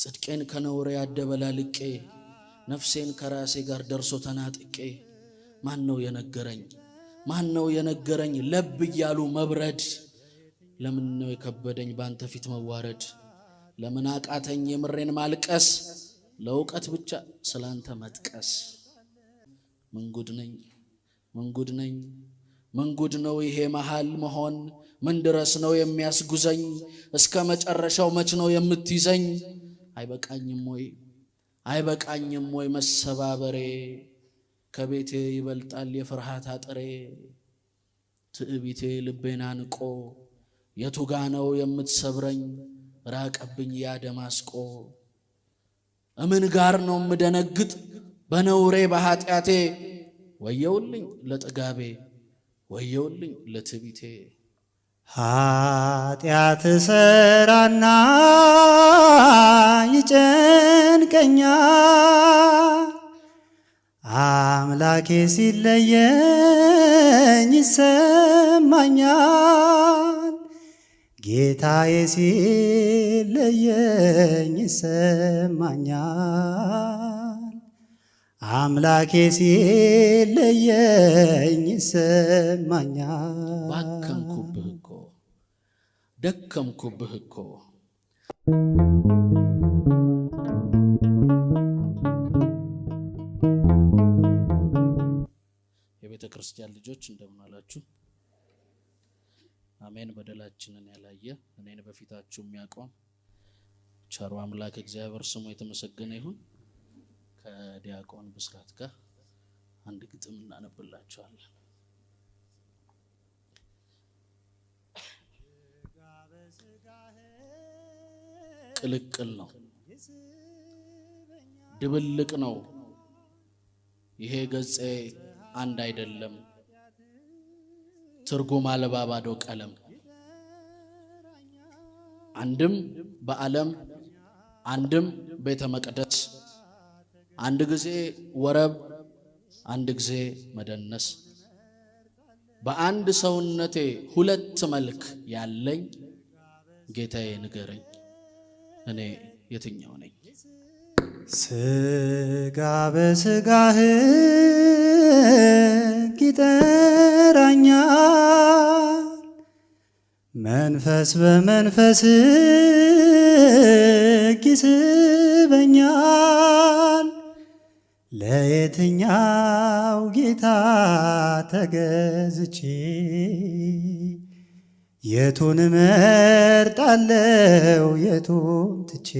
ጽድቄን ከነውሬ ያደበላልቄ ነፍሴን ከራሴ ጋር ደርሶ ተናጥቄ ማን ነው የነገረኝ? ማን ነው የነገረኝ? ለብ እያሉ መብረድ ለምን ነው የከበደኝ በአንተ ፊት መዋረድ? ለምን አቃተኝ የምሬን ማልቀስ ለእውቀት ብቻ ስላንተ መጥቀስ? መንጉድ ነኝ ምንጉድ ነኝ መንጉድ ነው ይሄ መሃል መሆን? ምን ድረስ ነው የሚያስጉዘኝ? እስከ መጨረሻው መች ነው የምትይዘኝ? አይበቃኝም ወይ አይበቃኝም ወይ መሰባበሬ ከቤቴ ይበልጣል የፍርሃት አጥሬ ትዕቢቴ ልቤን አንቆ የቱጋ ነው የምትሰብረኝ ራቀብኝ ያ ደማስቆ እምን ጋር ነው የምደነግጥ በነውሬ በኃጢአቴ ወየውልኝ ለጥጋቤ ወየውልኝ ለትዕቢቴ ኃጢአት ሰራና ይጨንቀኛ አምላኬ ሲለየኝ ይሰማኛል፣ ጌታዬ ሲለየኝ ይሰማኛል። አምላኬ ሲለየኝ ይሰማኛል። ባከንኩብህ እኮ ደከምኩብህ እኮ የቤተ ክርስቲያን ልጆች እንደምን አላችሁ? አሜን። በደላችንን ያላየ እኔን በፊታችሁ የሚያቆም ቸሩ አምላክ እግዚአብሔር ስሙ የተመሰገነ ይሁን። ከዲያቆን ብስራት ጋር አንድ ግጥም እናነብላችኋለን። ቅልቅል ነው ድብልቅ ነው ይሄ ገጼ አንድ አይደለም ትርጉም አልባ ባዶ ቀለም አንድም በዓለም አንድም ቤተ መቅደስ አንድ ጊዜ ወረብ፣ አንድ ጊዜ መደነስ። በአንድ ሰውነቴ ሁለት መልክ ያለኝ ጌታዬ ንገረኝ፣ እኔ የትኛው ነኝ? ስጋ ህግ ይጠራኛል፣ መንፈስ በመንፈስ ይስበኛል። ለየትኛው ጌታ ተገዝቼ የቱን መርጣለው የቱን ትቼ